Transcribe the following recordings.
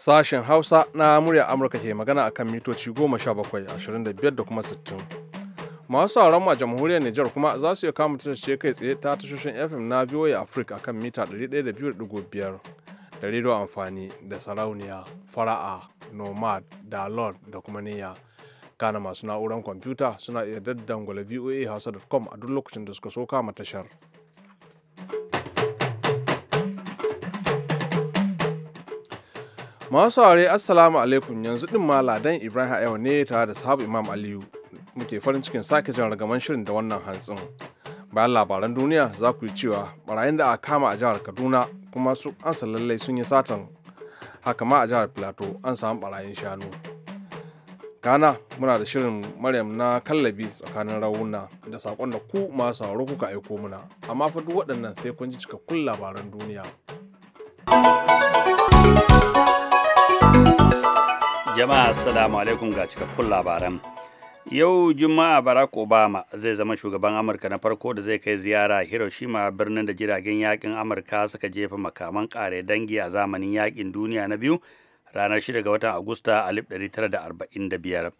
Sashen Hausa na murya Amurka ke magana akan mitoci 17, 25 da kuma 60. Masu sauran a jamhuriyar Nijar kuma za su iya kama ce kai tsaye ta tashoshin FM na VOA Africa akan mita 102.5 da rediyo amfani da sarauniya, fara'a, nomad, dalon da kuma niyya. Kana masu na'urar kwamfuta suna iya daddangwala voa hausa.com a duk lokacin da suka so kama tashar. Masu aure assalamu alaikum yanzu din ma ladan Ibrahim ne tare da sahabu Imam Aliyu muke farin cikin sake jan ragaman shirin da wannan hantsin. Bayan labaran duniya za ku yi cewa barayin da aka kama a jihar Kaduna kuma su an lallai sun yi satan haka ma a jihar Plateau an samu barayin shanu. gana muna da shirin Maryam na kallabi tsakanin rawuna da sakon da ku masu sauraro kuka aiko muna amma fa duk waɗannan sai kun ji cikakkun labaran duniya. thank you Jama'a assalamu alaikum ga cikakkun labaran. Yau Juma'a Barack Obama zai zama shugaban Amurka na farko da zai kai ziyara Hiroshima birnin da jiragen yakin Amurka suka jefa makaman kare dangi a zamanin yakin duniya na biyu ranar 6 ga watan Agusta 1945.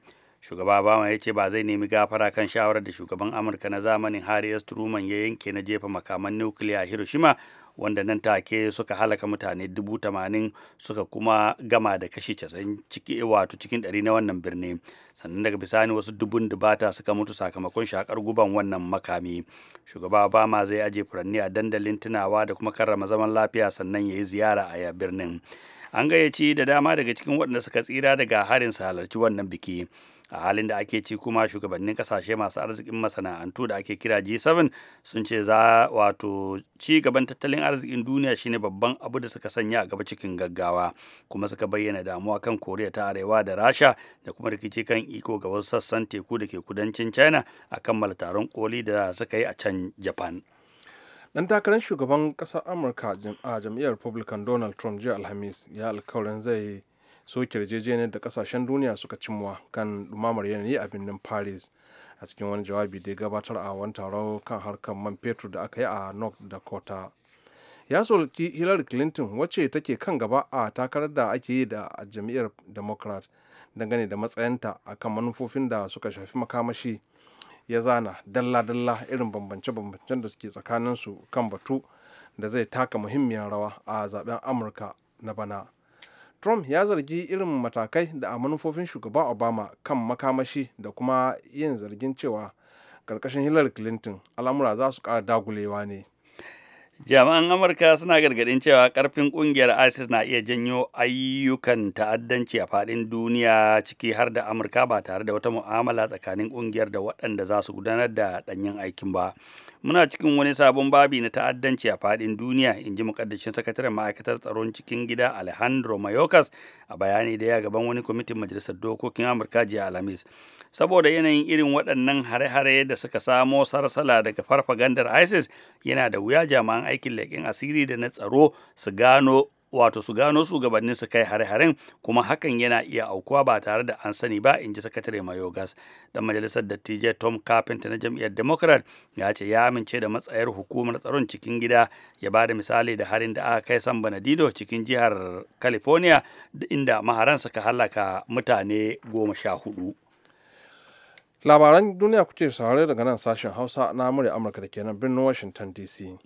Shugaba Obama ya ce ba zai nemi gafara kan shawarar da shugaban Amurka na zamanin Harry S. Truman ya yanke na jefa makaman nukiliya Hiroshima wanda nan take suka halaka mutane dubu tamanin suka kuma gama da kashi casan ciki wato cikin ɗari na wannan birni sannan daga bisani wasu dubun dubata suka mutu sakamakon shakar guban wannan makami shugaba obama zai aje furanni a dandalin tunawa da kuma karrama zaman lafiya sannan ya yi ziyara a birnin an gayyaci da dama daga cikin waɗanda suka tsira daga harin su halarci wannan biki a halin da ake ci kuma shugabannin kasashe masu arzikin masana'antu da ake kira G7 sun ce za wato ci gaban tattalin arzikin duniya shine babban abu da suka sanya a gaba cikin gaggawa kuma suka bayyana damuwa kan Koriya ta Arewa da Rasha da kuma rikici kan iko ga wasu sassan teku da ke kudancin China a kammala taron koli da suka yi a can Japan. dan takarar shugaban kasar amurka a jam'iyyar republican donald trump jiya alhamis ya alkawarin zai soke yarjejeniyar da kasashen duniya suka cimma kan dumamar yanayi a birnin paris a cikin wani jawabi da ya gabatar a wani taron kan harkar man fetur da aka yi a north dakota ya soki hillary clinton wacce take kan gaba a takarar da ake yi da jam'iyyar democrat dangane da matsayinta a kan manufofin da suka shafi makamashi ya zana dalla-dalla irin bambance-bambancen da suke tsakanin su kan batu da zai taka muhimmiyar rawa a zaben amurka na bana. trump ya zargi irin matakai da a manufofin shugaba obama kan makamashi da kuma yin zargin cewa ƙarƙashin hillary clinton al'amura za su ƙara dagulewa ne jami'an amurka suna gargadin cewa karfin kungiyar isis na iya janyo ayyukan ta'addanci a fadin duniya ciki har da amurka ba tare da wata mu'amala tsakanin kungiyar da waɗanda za su gudanar da ɗanyen aikin ba muna cikin wani sabon babi na ta'addanci a fadin duniya in ji mukaddashin sakataren ma'aikatar tsaron cikin gida alejandro mayorkas a bayani da ya gaban wani kwamitin majalisar dokokin amurka jiya alhamis saboda yanayin irin waɗannan hare-hare da suka samo sarsala daga farfagandar isis yana da wuya jami'an aikin leƙen asiri da na tsaro su gano wato su gano su gabanin su kai hare-haren kuma hakan yana iya aukuwa ba tare da an sani ba in ji sakatare mayogas dan majalisar dattijai tom carpenter na jam'iyyar democrat ya ce ya amince da matsayar hukumar tsaron cikin gida ya ba da misali da harin da aka kai san banadido cikin jihar california inda maharan suka halaka mutane goma sha hudu labaran duniya kuke saurare daga nan sashen hausa na murya amurka da ke birnin washington dc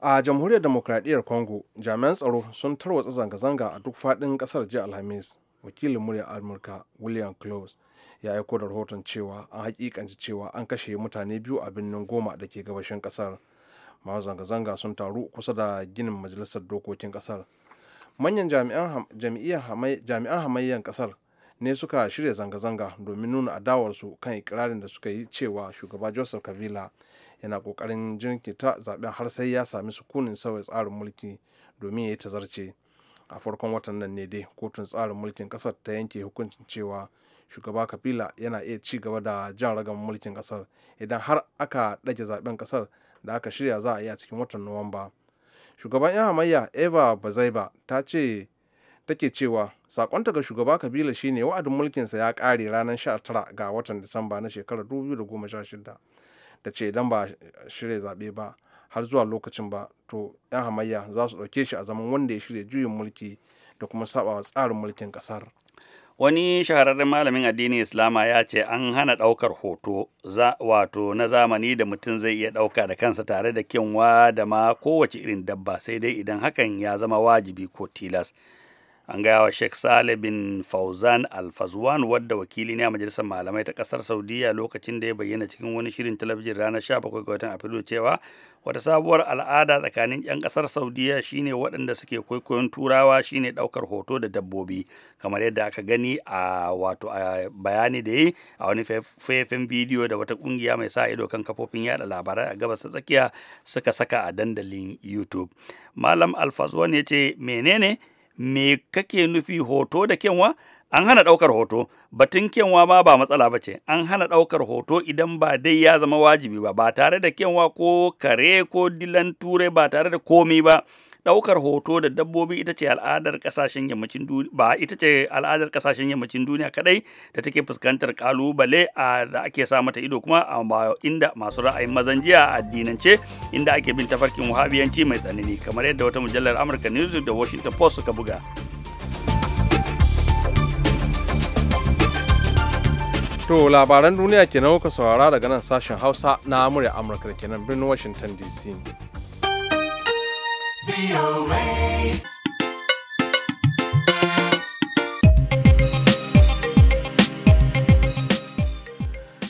a jamhuriyar demokradiyyar congo jami'an tsaro sun tarwatsa zanga-zanga a duk faɗin ƙasar jiya alhamis wakilin murya amurka william close ya aiko da rahoton cewa an hakikanci cewa an kashe mutane biyu a birnin goma da ke gabashin ƙasar masu zanga-zanga sun taru kusa da ginin majalisar dokokin ƙasar manyan jami'an hamayyar ƙasar ne suka shirya zanga-zanga domin nuna adawarsu kan ikirarin da suka yi cewa shugaba joseph kabila yana kokarin jinkita zaben har sai ya sami sukunin sauya tsarin mulki domin ya yi tazarce a farkon watan nan ne dai kotun tsarin mulkin kasar ta yanke hukuncin cewa shugaba kabila yana iya ci gaba da jan ragan mulkin kasar idan har aka ɗage zaben kasar da aka shirya za a yi a cikin watan nuwamba shugaban yan hamayya eva bazaiba ta ce take cewa sakonta ga shugaba kabila shine wa'adin mulkinsa ya kare ranar 19 ga watan disamba na shekarar 2016 da ce idan ba shirya zaɓe ba har zuwa lokacin ba to 'yan hamayya za su ɗauke shi a zaman wanda ya shirya juyin mulki da kuma sabawa tsarin mulkin ƙasar wani shahararren malamin addinin islama ya ce an hana ɗaukar hoto wato na zamani da mutum zai iya ɗauka da kansa tare da kyanwa da ma kowace irin dabba sai dai idan hakan ya zama wajibi ko tilas an gaya wa sheikh saleh bin fauzan alfazwan wadda wakili ne a majalisar malamai ta kasar saudiya lokacin da ya bayyana cikin wani shirin talabijin ranar 17 ga watan afrilu cewa wata sabuwar al'ada tsakanin 'yan kasar saudiya shine waɗanda suke kwaikwayon turawa shine ɗaukar hoto da dabbobi kamar yadda aka gani a wato a bayani da yi a wani faifin bidiyo da wata kungiya mai sa ido kan kafofin yada labarai a gabas ta tsakiya suka saka a dandalin youtube malam alfazwan ya ce menene me kake nufi hoto da kenwa an hana ɗaukar hoto batun kenwa ma ba matsala ba ce an hana ɗaukar hoto idan ba dai ya zama wajibi ba ba tare da kenwa ko kare ko dilan turai ba tare da komi ba daukar hoto da dabbobi ita ce al'adar kasashen yammacin duniya ba ita ce al'adar kasashen yammacin duniya kadai da take fuskantar kalubale a da ake sa mata ido kuma a inda masu ra'ayin mazan jiya a addinance inda ake bin tafarkin wahabiyanci mai tsanani kamar yadda wata mujallar Amurka News da Washington Post suka buga To labaran duniya kenan kuka saurara daga nan sashen Hausa na Amurka Amurka kenan birnin Washington DC.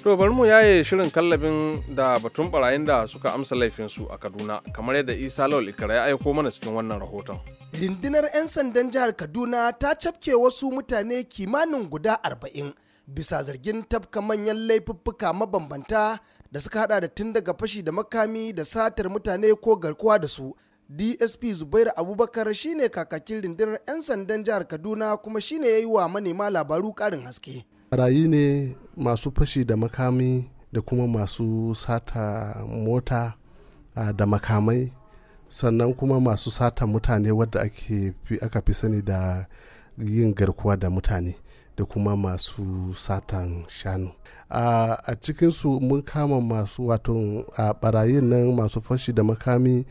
Robar mu yaye shirin kallabin da batun barayin da suka amsa laifinsu a Kaduna kamar yadda Isa Lawal Ikara ya aiko mana cikin wannan rahoton. Rindinar 'yan sandan jihar Kaduna ta cafke wasu mutane kimanin guda arba'in bisa zargin tafka manyan laifuffuka mabambanta da suka hada da tun daga fashi da makami da satar mutane ko garkuwa da su dsp zubairu abubakar shine kakakin rundunar 'yan sandan jihar kaduna kuma shine ya yi wa manema labaru karin haske rayu ne masu fashi da makami da kuma masu sata mota da makamai sannan kuma masu sata mutane wadda aka fi sani da yin garkuwa da mutane da kuma masu satan shanu a cikinsu mun kama masu wato a barayin nan masu fashi da makami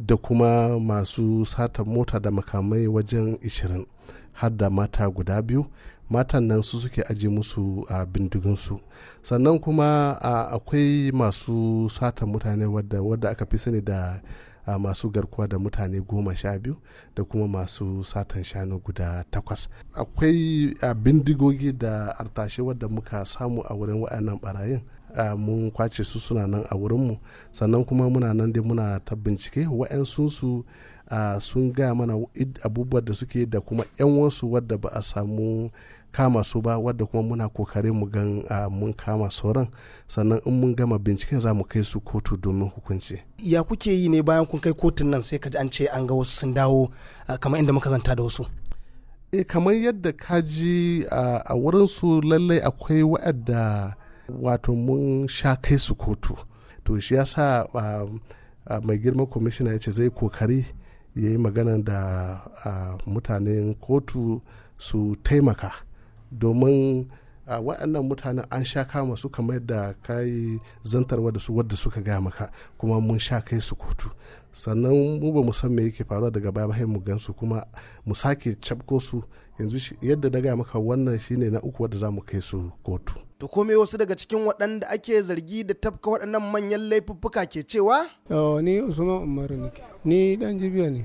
da kuma masu sata mota da makamai wajen 20 har da mata guda biyu matan nan su suke aji musu a bindiginsu sannan kuma akwai masu sata mutane wadda aka fi sani da Uh, masu garkuwa da mutane goma sha biyu da kuma masu satan shanu guda takwas akwai bindigogi da artashe wadda muka samu a wurin wa'annan barayin mun kwace su suna nan a wurinmu sannan kuma muna nan dai muna ta bincike wa'yansunsu sun gaya mana abubuwan da suke da kuma 'yan wasu wadda ba a samu kama su ba wadda kuma muna kokari mu gan mun kama sauran sannan in mun gama binciken za mu kai su kotu domin hukunci ya kuke yi ne bayan kun kai kotun nan sai ka ji an ce an ga wasu sun dawo kamar inda muka zanta da wasu e kamar yadda kaji a wurin su lallai akwai waɗanda. wato mun sha kai su kotu to shi ya sa um, mai girma kwamishina ya ce zai kokari ya yi magana da mutanen kotu su taimaka domin a waɗannan mutanen an sha kama su kamar da yi zantarwa da su wadda suka gaya maka kuma mun sha kai su kotu sannan mu ba san me yake faruwa daga baya bayan mu gansu kuma mu sake cabko su yanzu yadda na gaya maka wannan shine na uku wadda za mu kai su kotu kome wasu daga cikin waɗanda ake zargi da tafka waɗannan manyan laifuffuka ke cewa? ni usman Umar ne ni dan jibiya ne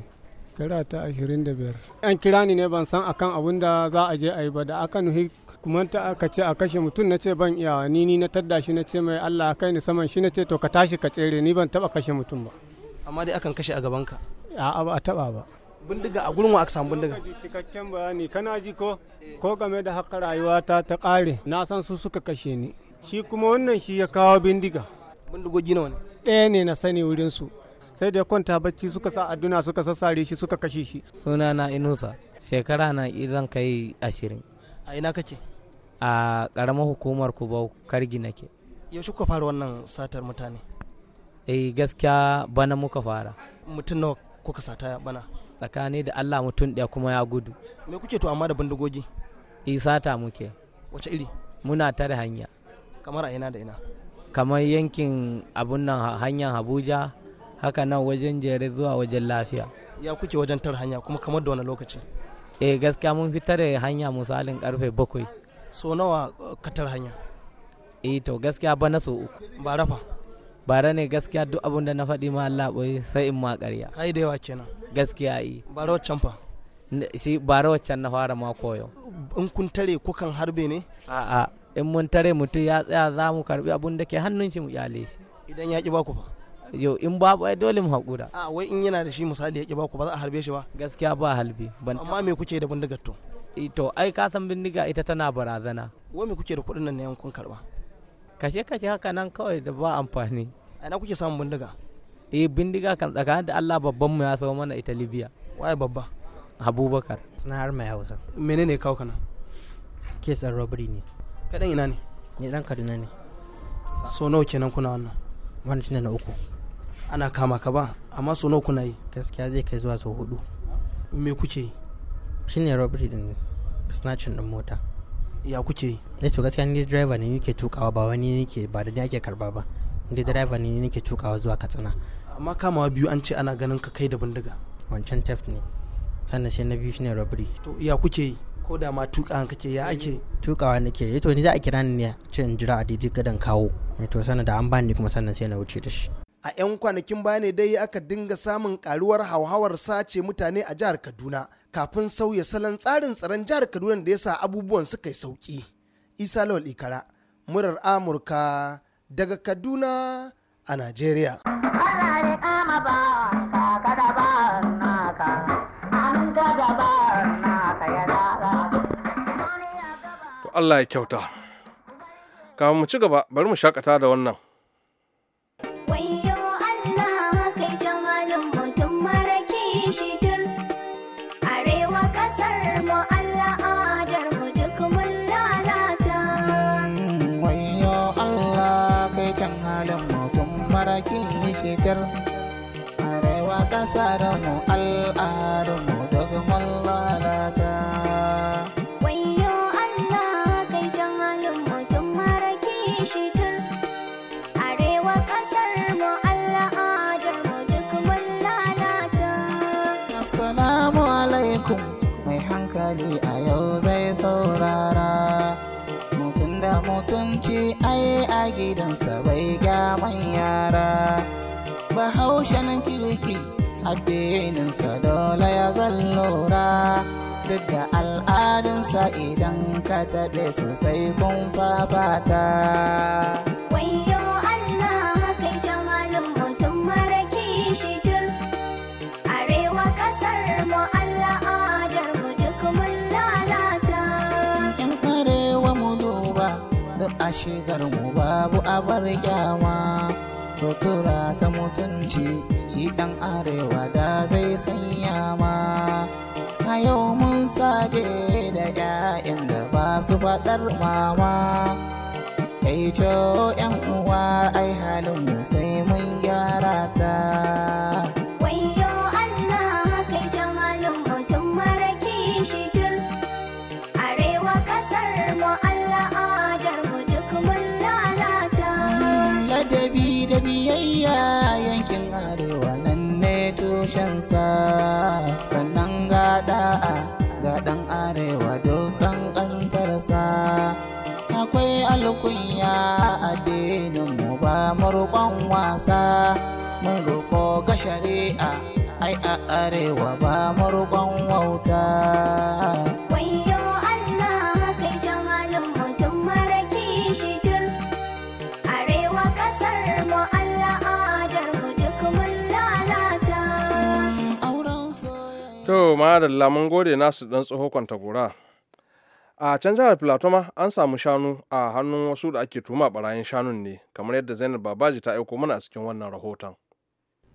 kira ta 25 ‘Yan kira ni ne ban san akan abun da za a je a yi ba da aka nuhi kuma ta aka ce a kashe mutum na ce ban iyawa ni ni na tadda shi na ce mai allah kai ni saman shi na ce to ka tashi ka tsere ni ban taba kashe mutum ba amma dai akan kashe a gaban ka a'a ba a taba ba bindiga a gurin wa aka samu bindiga cikakken bayani kana ji ko ko game da haka rayuwa ta ta ƙare na san su suka kashe ni shi kuma wannan shi ya kawo bindiga bindigogi nawa ne ɗaya ne na sani wurin su sai da ya kwanta bacci suka sa aduna, suka sassare shi suka kashe shi suna na inusa shekara na idan kai ashirin a ina kake a ƙaramar hukumar bau kargi nake yaushe kuka fara wannan satar mutane eh gaskiya bana muka fara mutum nawa kuka sata bana tsakani da Allah mutum ɗaya kuma ya gudu me kuke to amma da bindigogi eh, ta muke wace iri muna tare hanya kamar a ina da ina kamar yankin abun nan hanyar Abuja haka nan wajen jere zuwa wajen lafiya ya kuke wajen tar hanya kuma kamar da wani lokaci E, gaskiya mun fitar da hanya misalin karfe bakwai so nawa eh, ka tare hanya E to gaskiya ba na so uku ba rafa bara ne gaskiya duk abin da na faɗi ma Allah ɓoye sai in ma ƙarya kai da yawa kenan gaskiya yi bara waccan fa shi bara waccan na fara ma koyo in kun tare kukan harbe ne a'a in mun tare mutum ya tsaya za mu karbi abin da ke hannun shi mu kyale shi idan ya ki ba ku fa yau in babu ba dole mu haƙura a wai in yana da shi misali ya ki ba ku ba za a harbe shi ba gaskiya ba halbi amma me kuke da bindigar to e, to ai ka san bindiga ita tana barazana wai me kuke da kuɗin nan ne yankun karba kashe-kashe haka nan kawai da ba amfani ana kuke samun bindiga eh bindiga kan tsakanin da Allah babban mu ya samu mana ita Libya waye babba Abubakar suna har mai Hausa menene kawo kana ke and robbery ne kadan ina ne ne dan Kaduna ne so nawa kenan kuna wannan wannan shine na uku ana kama ka ba amma so nawa kuna yi gaskiya zai kai zuwa so hudu me kuke yi shine robbery din snatching din mota ya kuke yi eh to gaskiya ni driver ne nake tukawa ba wani nake ba da ni karba ba ni driver ne nake tukawa zuwa katsina amma kamawa biyu an ce ana ganin ka kai da bindiga wancan theft ne sannan sai na biyu shine robbery to ya kuke yi ko da ma tukawa kake ya ake tukawa nake eh to ni za a kira ni ne ce in jira a daidai gadan kawo eh to sannan da an bani kuma sannan sai na wuce da shi a 'yan kwanakin baya ne dai aka dinga samun karuwar hauhawar sace mutane a jihar kaduna kafin sauya salon tsarin tsaron jihar kaduna da ya sa abubuwan suka yi sauki isa lawal ikara murar amurka daga kaduna a najeriya Allah ya kyauta. Kafin mu ci gaba, bari mu shakata da wannan. yi shitar arewa da mu al'adun mu dogman lalata gidansa bai gyaman yara bahaushen kirki addininsa dole ya zallora duk da al'adunsa idan ka taɓe sosai kun fafata. shigar mu babu abar kyama sutura ta mutunci shi dan arewa da zai sanya ma a yau mun saje da 'ya'yan da ba su faɗar mama kai co 'yan uwa ai halin sai mun yara ta ƙasa rannan gada ga ɗan arewa dokan ƙantarsa akwai alkunya a mu ba murban wasa mun roƙo ga shari'a ai a arewa ba murban wauta To da mun gode nasu dan tsoho kwanta gora. A can jihar Filato ma an samu shanu a hannun wasu da ake tuma barayin shanun ne kamar yadda Zainab Babaji ta aiko mana a cikin wannan rahoton.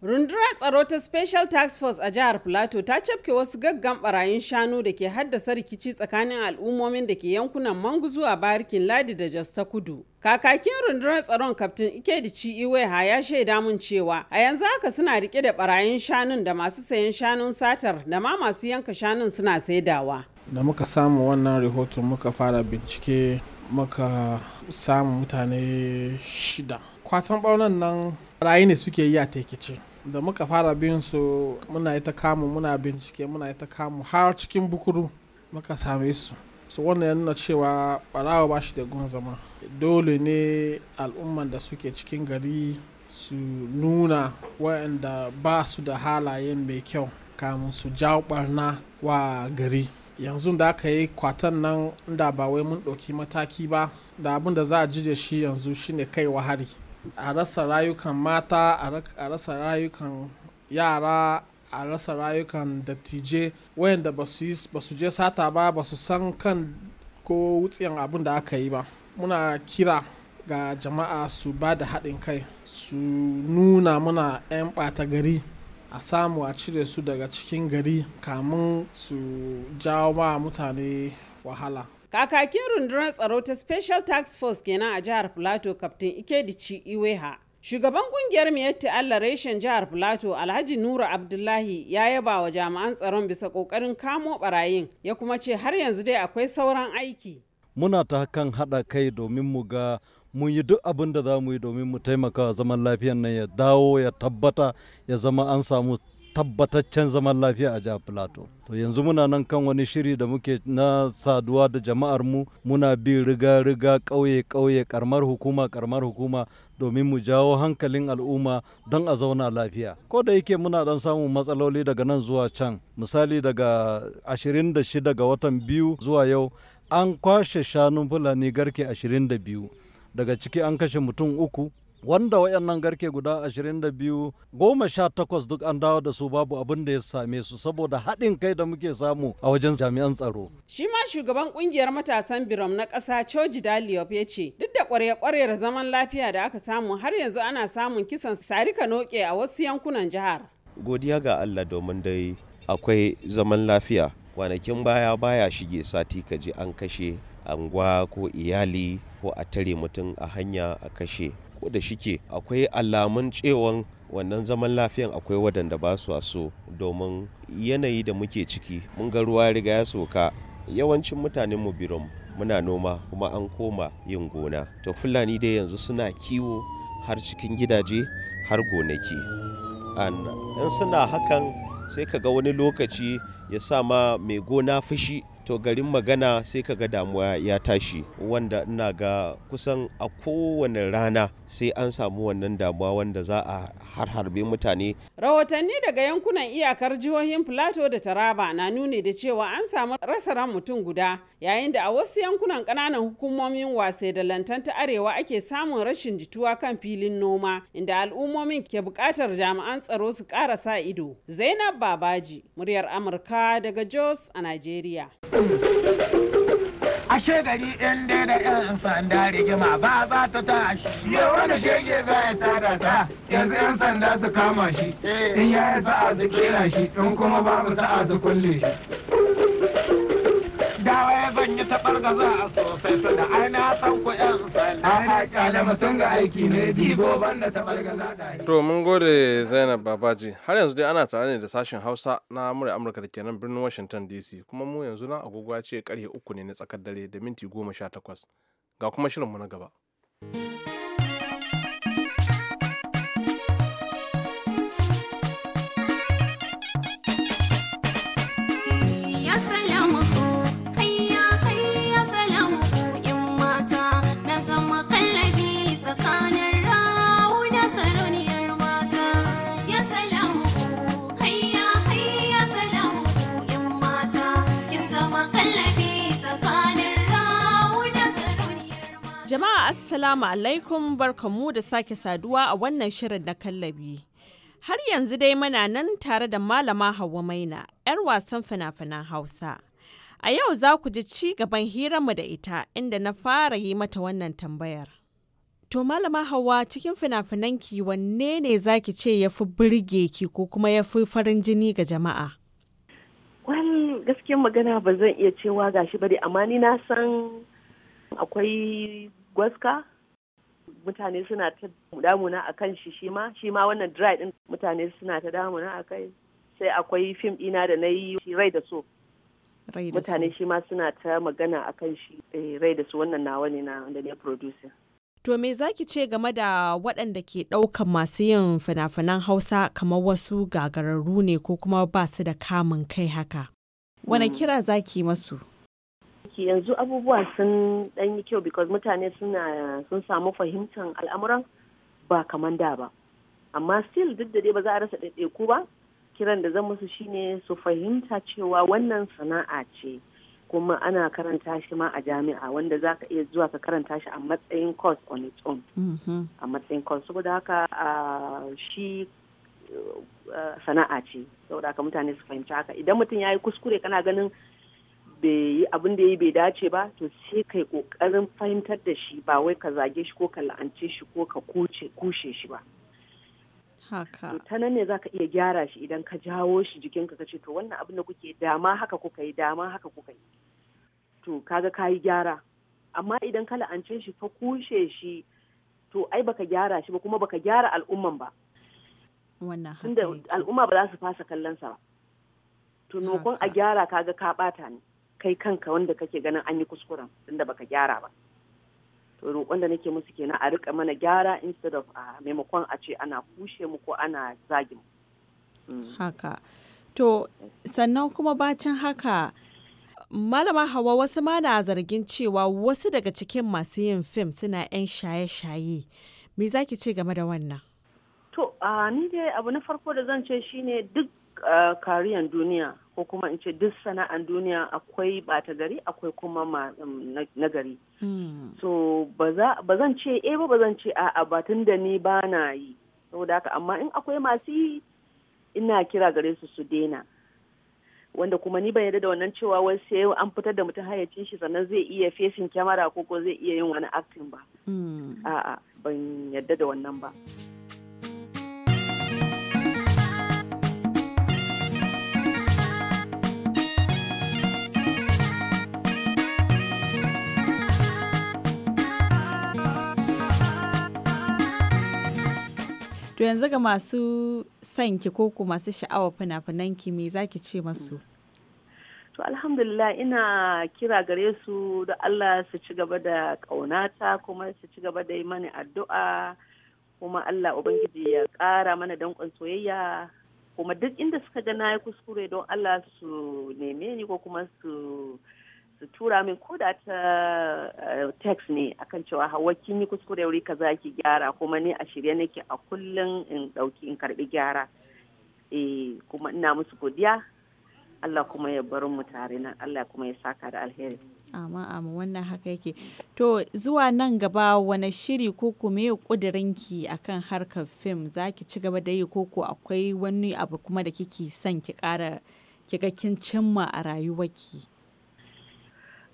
Rundunar tsaro ta Special Task Force a jihar Plateau ta cafke wasu gaggan barayin shanu da ke haddasa rikici tsakanin al'ummomin da ke yankunan Manguzu a barikin Ladi da Jos ta Kudu. Kakakin rundunar tsaron Kaftin Ikedici Iweha ya shaida mun cewa a yanzu haka suna rike da barayin shanun da masu sayan shanun satar da ma masu yanka shanun suna saidawa. Da muka samu wannan rahoton muka fara bincike muka samu mutane shida. Kwatan ɓaunan nan rayu ne suke yi a tekici. da muka fara bin su muna ita kamu muna bincike muna ita kamu har cikin bukuru muka same su su wannan ya nuna cewa barawa ba shi da gun zama dole ne al'umman da suke cikin gari su nuna waɗanda ba su da halayen mai kyau kamun su jawo barna wa gari yanzu da aka yi kwatan nan da ba wai mun ɗauki mataki ba da abin da za a ji da shi yanzu shine kaiwa hari a rasa rayukan mata a rasa rayukan yara a rasa rayukan dattijai wayanda ba su je sata ba ba su san kan ko wutsiyan abin da aka yi ba muna kira ga jama'a su ba da haɗin kai su nuna muna 'yan ɓata gari a samu a cire su daga cikin gari kamun su jawo ma mutane wahala Kakakin rundunar tsaro ta Special Task Force kenan a jihar Plateau Captain Ikedici Iweha. Shugaban kungiyar Miyatti Allah reshen jihar Plateau Alhaji nura Abdullahi ya yaba wa jami'an tsaron bisa kokarin kamo barayin ya kuma ce har yanzu dai akwai sauran aiki. Muna ta kan haɗa kai domin mu ga mun yi duk abin da za mu yi domin mu taimaka zaman lafiyan nan ya dawo ya tabbata ya zama an samu tabbataccen zaman lafiya a jihar plateau to yanzu muna nan kan wani shiri da muke na saduwa da jama'ar mu muna bi riga riga ƙauye kauye karmar hukuma karmar hukuma domin mu jawo hankalin al'umma don a zauna lafiya ko da yake muna dan samun matsaloli daga nan zuwa can misali daga 26 ga watan biyu zuwa yau an kwashe shanun fulani garke 22 daga ciki an kashe mutum uku wanda wayannan garke guda 22 goma sha takwas duk an dawo da su babu abin da ya same su saboda haɗin kai da muke samu a wajen jami'an tsaro. Shi ma shugaban kungiyar matasan Birom na ƙasa Choji Daliop ya ce duk da kware ƙwaryar zaman lafiya da aka samu har yanzu ana samun kisan sarika noke a wasu yankunan jihar. Godiya ga Allah domin dai akwai zaman lafiya kwanakin baya baya shige sati kaji an kashe anguwa ko iyali ko a tare mutum a hanya a kashe ko da shike akwai alamun cewan wannan zaman lafiyan akwai wadanda ba su so domin yanayi da muke ciki mun ga ruwa riga ya soka yawancin mutanen mu birom muna noma kuma an koma yin gona to fulani dai yanzu suna kiwo har cikin gidaje har gonaki in suna hakan sai ka ga wani lokaci ya sa ma mai gona fushi to garin magana sai ka ga damuwa ya tashi wanda ina ga kusan a kowane rana sai an samu wannan damuwa wanda za a har harbe mutane rahotanni daga yankunan iyakar jihohin plateau da taraba na nuni da cewa an samu rasa ran mutum guda yayin da a wasu yankunan kananan hukumomin wasai da lantan ta arewa ake samun rashin jituwa kan filin noma inda al'ummomin ke bukatar jami'an tsaro su ƙara sa ido zainab babaji muryar amurka daga jos a najeriya ashe gari ɗin dai da yan sanda rigima ba za ta tashi ya wani shege za ya tada ta yanzu yan sanda su kama shi eh. in ya yi sa'a su kera shi in kuma babu sa'a su kulle shi zan yi tabar da za a sosai su da aina san ku yan sanda. Aina kyale ga aiki ne dibo banda tabar da za To mun gode Zainab Babaji har yanzu dai ana tare ne da sashen Hausa na murya Amurka da kenan birnin Washington DC kuma mu yanzu na agogo ce karfe uku ne na tsakar dare da minti goma sha takwas ga kuma shirin mu na gaba. thank you Assalamu alaikum barkamu da sake saduwa a wannan shirin na kallabi. Har yanzu dai mana nan tare da Malama Hauwa Maina, 'yar wasan fina-finan Hausa. A yau za ku ji ci gaban hiranmu da ita inda na fara yi mata wannan tambayar. To Malama Hauwa cikin fina ki wanne ne za ki ce ya fi birge ki ko kuma ya fi farin jini ga jama'a? Wani gaskiyar magana ba zan iya cewa gashi ba dai amma ni na san akwai gwaska mutane suna ta damuna a kan shi shi ma shi ma wannan dry din mutane suna ta damuna a kai sai akwai fim ɗina da na yi rai da so mutane shi ma suna ta magana a kan shi eh, rai da su wannan nawa ne na da ne producing To me za ki ce game da waɗanda ke ɗaukan masu yin fina-finan Hausa kamar wasu gagararru ne ko kuma ba su da kamun kai haka? wani hmm. kira za ki masu? yanzu abubuwa sun dan yi kyau because mutane suna sun samu fahimtar al'amuran ba kamar da ba amma still duk da dai ba za a rasa ɗaiɗaiku ba kiran da zan musu shine su fahimta cewa wannan sana'a ce kuma ana karanta shi ma a jami'a wanda za ka iya zuwa ka karanta shi a matsayin course on its own mm-hmm. a matsayin course saboda haka shi uh, sana'a ce saboda haka mutane su fahimci haka idan mutum ya yi kuskure kana ganin bai yi abin da ya yi bai dace ba to sai kai kokarin fahimtar da shi ba wai ka zage shi ko ka la'ance shi ko ka kushe shi ba haka ta nan ne za ka iya gyara shi idan ka jawo shi jikinka ka ce to wannan abin da kuke dama haka kuka yi dama haka kuka yi to kaga ka yi gyara amma idan ka la'ance shi ka kushe shi to ai baka gyara shi ba kuma baka gyara al'umman ba wannan haka al'umma ba za su fasa kallon sa ba to nokon a gyara kaga ka bata ne kai kanka wanda kake ganin an yi kuskuren tunda baka gyara ba to roƙon da nake musu kenan a rika mana gyara instead of a ah, maimakon a ce ana kushe mu ko ana zagin mm. haka to sannan kuma bacin haka malama hawa wasu ma na zargin cewa wasu daga cikin masu yin fim suna 'yan shaye-shaye me za ki ce game da wannan to ah, ni dai abu na farko da zan ce shine duk ah, kariyan duniya ko kuma in ce duk sana'an duniya akwai bata gari akwai kuma um, na gari hmm. so ba zan ce eh ba ba zan ce a'a abatun da ni ba na yi saboda haka amma in akwai masu yi ina kira gare su su daina wanda kuma ni ban yarda da wannan cewa wai sai an fitar da mutum hayyacin shi sannan zai iya fesin kyamara ko ko zai iya yin wani aktin ba hmm. a'a ban yarda da wannan ba. To yanzu ga masu son ki ko ku masu sha'awa fina-finan ki me zaki ce masu? To alhamdulillah ina kira gare su da Allah su ci gaba da ƙaunata kuma su ci gaba da yi mani addu'a kuma Allah Ubangiji ya ƙara mana danƙon soyayya kuma duk inda suka ga na yi kuskure don Allah su neme ni ko kuma su su tura min ko da ta eh, text ne akan cewa hawa kin yi kuskure wuri za ki gyara kuma ni a shirye nake a kullum in dauki in karbi gyara e kuma ina musu godiya Allah kuma ya bar mu tare nan Allah kuma ya saka da alheri amma amma wannan haka yake to zuwa nan gaba wani shiri ko kuma ya kudirinki akan harkar fim zaki ci gaba da yi ko ko akwai wani abu kuma da kike son ki kara kiga kin cimma a rayuwarki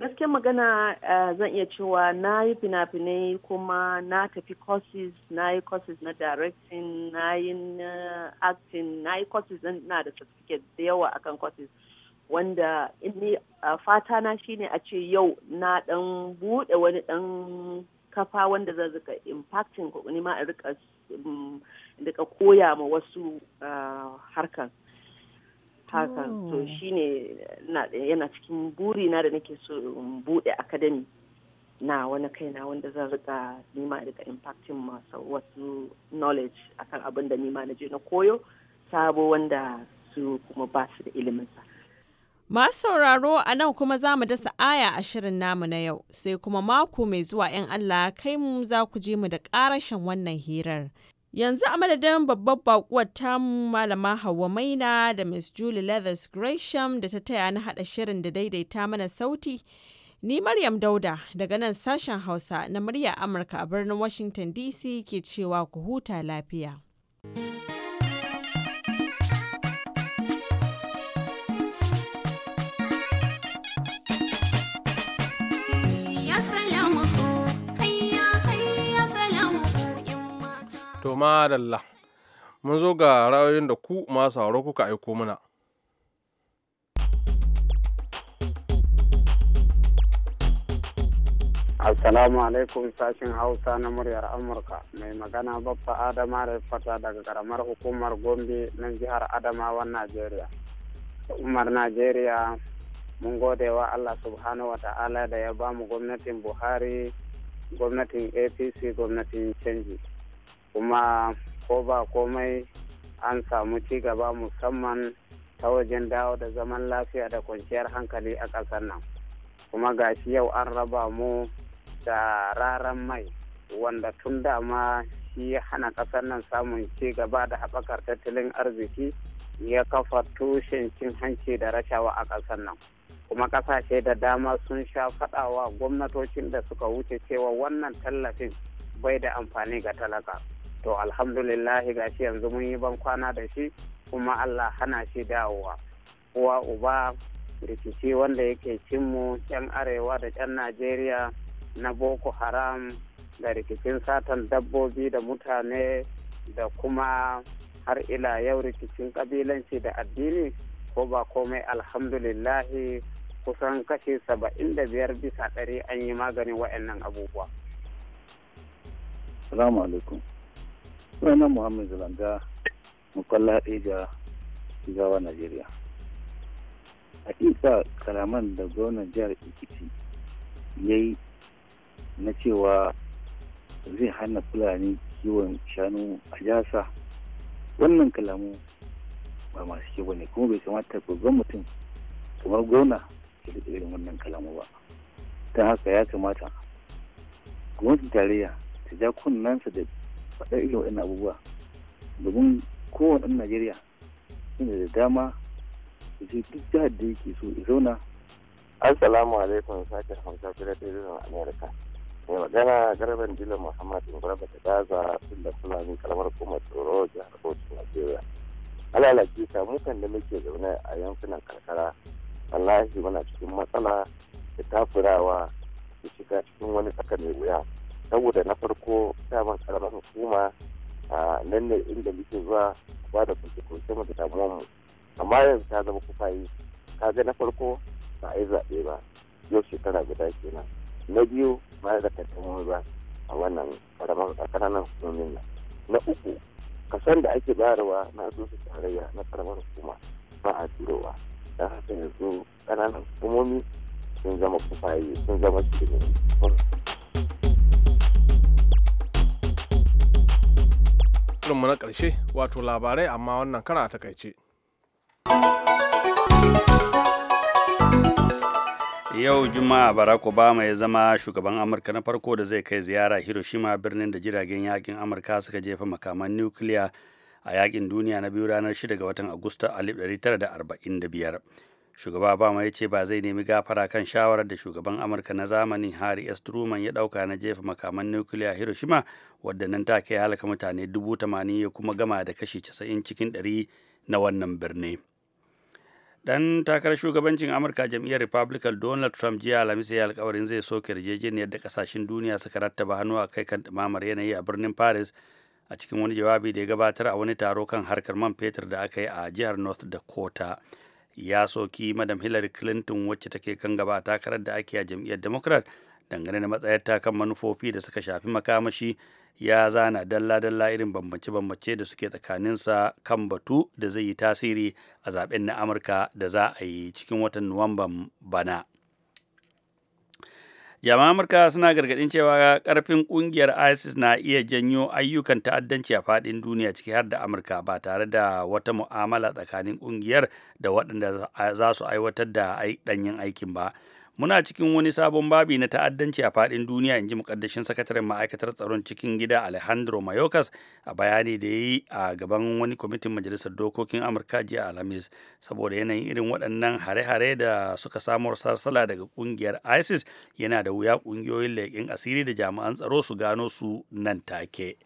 gaskiyar magana eh, zan iya cewa na yi fina-finai kuma na tafi courses na yi courses na directing na yi acting na yi courses na da certificate da yawa akan courses wanda inni fata na shine a ce yau na dan bude wani dan kafa wanda zan rika impacting ko ma in rika mm, koya ma wasu eh, harkan haka to oh. shine yana cikin buri na da nake so in bude academy na wani kaina wanda zan rika nima daga impacting masu wasu knowledge akan abin da nima na je na koyo sabo wanda su kuma ba su da sa. Masu sauraro a nan kuma za mu dasa aya a shirin namu na yau sai kuma mako mai zuwa 'yan Allah kai mu za ku je mu da ƙarashen wannan hirar. Yanzu a madadin babbar bakuwar ta malama Hauwa Maina da Miss Julie Leathers Gresham da ta taya na haɗa shirin da daidaita mana sauti. Ni Maryam Dauda daga nan sashen Hausa na murya Amurka a birnin Washington DC ke cewa ku huta lafiya. Ya salamu To madalla. Mun zo ga ra'ayoyin da ku masu sauro kuka aiko mana. Assalamu alaikum sashen Hausa na muryar Amurka mai magana babba Adama da fata daga karamar hukumar Gombe na jihar Adamawan Najeriya. Umar Najeriya mun gode wa Allah subhanahu wa ta'ala da ya ba gwamnatin Buhari, gwamnatin APC, gwamnatin canji. kuma ko ba komai an samu ci gaba musamman ta wajen dawo da zaman lafiya da kwanciyar hankali a ƙasar nan kuma gashi yau an raba mu da raran mai wanda tun dama shi ya hana ƙasar nan samun ci gaba da haɓakar tattalin arziki ya kafa tushen cin hanci da rashawa a ƙasar nan kuma ƙasashe da dama sun sha faɗawa gwamnatocin da suka wuce cewa wannan tallafin bai da amfani ga talaka to alhamdulillah gashi yanzu mun yi ban kwana da shi kuma allah hana shi dawowa uwa uba rikici wanda yake cinmu yan arewa da yan najeriya na boko haram da rikicin satan dabbobi da mutane da kuma har ila yau rikicin kabilanci da addini ko ba komai alhamdulillahi kusan kashi saba'in da biyar bisa ɗari an yi maganin wa'annan abubuwa. Salamu alaikum. sunana muhammad zalanga mukwalla ga gawa najeriya hakika kalaman da gwamnan jihar ikiti ya yi na cewa zai hana fulani kiwon shanu a jasa wannan kalamu ba masu kyau ba ne kuma bai kamata babban mutum kamar gona ke da irin wannan kalamu ba ta haka ya kamata gwamnatin tarayya ta ja kunnansa da faɗa ilo waɗannan abubuwa domin kowane ɗan najeriya yana da dama ya duk jihar da yake so ya zauna assalamu alaikum sashen hausa da rediyon amerika mai magana garban dila muhammad gurba da gaza tun da fulani karamar kuma tsoro jihar bauchi najeriya alala kisa mukan da muke zaune a yankunan karkara wallahi muna cikin matsala da tafurawa da shiga cikin wani tsaka mai wuya saboda na farko daman karamar hukuma nan ne inda muke zuwa ba da kuke kuke mu da damuwar mu amma yanzu ta zama ka kaga na farko ba a yi zaɓe ba yau shekara guda kenan na biyu ba da kantamu ba a wannan karamar ƙananan hukumomin nan na uku kasan da ake bayarwa na zuwa tarayya na karamar hukuma ba a turowa don haka yanzu ƙananan hukumomi sun zama kufaye sun zama shirme shirinmu na ƙarshe wato labarai amma wannan kara a takaice. yau juma'a barak obama ya zama shugaban amurka na farko da zai kai ziyara hiroshima birnin da jiragen yakin amurka suka jefa makaman nukiliya a yakin duniya na biyu ranar 6 ga watan agusta 1945 shugaba obama ya ce ba zai nemi gafara kan shawarar da shugaban amurka na zamani hari s truman ya dauka na jefa makaman nukiliya hiroshima wadda nan ta kai halaka mutane dubu tamanin ya kuma gama da kashi casa'in cikin ɗari na wannan birni dan takarar shugabancin amurka jam'iyyar republican donald trump jiya alhamis ya alkawarin zai soke yarjejeniyar da kasashen duniya suka rattaba hannu a kai kan ɗumamar yanayi a birnin paris a cikin wani jawabi da ya gabatar a wani taro kan harkar man fetur da aka yi a jihar north dakota ya soki madam hillary clinton wacce take kan gaba takarar da ake a jam'iyyar democrat dangane da matsayar ta kan manufofi da suka shafi makamashi ya zana dalla-dalla irin bambance-bambance da suke tsakaninsa kan batu da zai yi tasiri a zaben na amurka da za a yi cikin watan nuwamban bana jama'an amurka suna gargaɗin cewa karfin ƙungiyar isis na iya janyo ayyukan ta'addanci a faɗin duniya ciki har da amurka ba tare da wata mu'amala tsakanin ƙungiyar da waɗanda za su aiwatar da ɗanyen aikin ba muna cikin wani sabon babi na ta'addanci a fadin duniya in ji mukaddashin sakataren ma'aikatar tsaron cikin gida alejandro mayorkas a bayani da ya yi a gaban wani kwamitin majalisar dokokin amurka jiya alhamis saboda yanayin irin waɗannan hare-hare da suka samu sarsala daga ƙungiyar isis yana da wuya ƙungiyoyin leƙen asiri da jami'an tsaro su gano su nan take.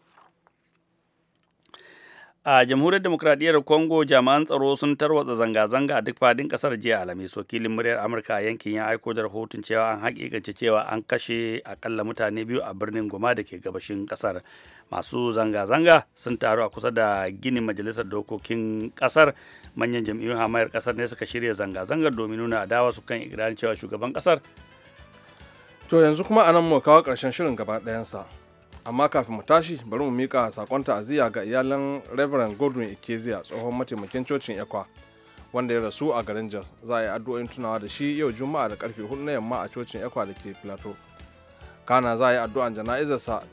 a jamhuriyar demokradiyyar congo jami'an tsaro sun tarwatsa zanga-zanga a duk fadin kasar jiya alhamis wakilin muryar amurka a yankin ya aiko da rahoton cewa an hakikance cewa an kashe akalla mutane biyu a birnin goma da ke gabashin kasar masu zanga-zanga sun taru a kusa da ginin majalisar dokokin kasar manyan jam'iyyun hamayar kasar ne suka shirya zanga-zangar domin nuna adawa su kan ikirarin cewa shugaban kasar to yanzu kuma a nan mu kawo karshen shirin gaba ɗayansa amma kafin mu tashi bari mu mika sakon ta'aziyya ga iyalan reverend godwin ikezia tsohon mataimakin cocin ekwa wanda ya rasu a garin jos za a yi addu'o'in tunawa da shi yau juma'a da karfe hudu na yamma a cocin ekwa da ke filato kana za a yi addu'an jana'izarsa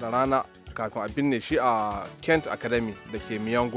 da rana kafin a binne shi a kent academy da ke miyango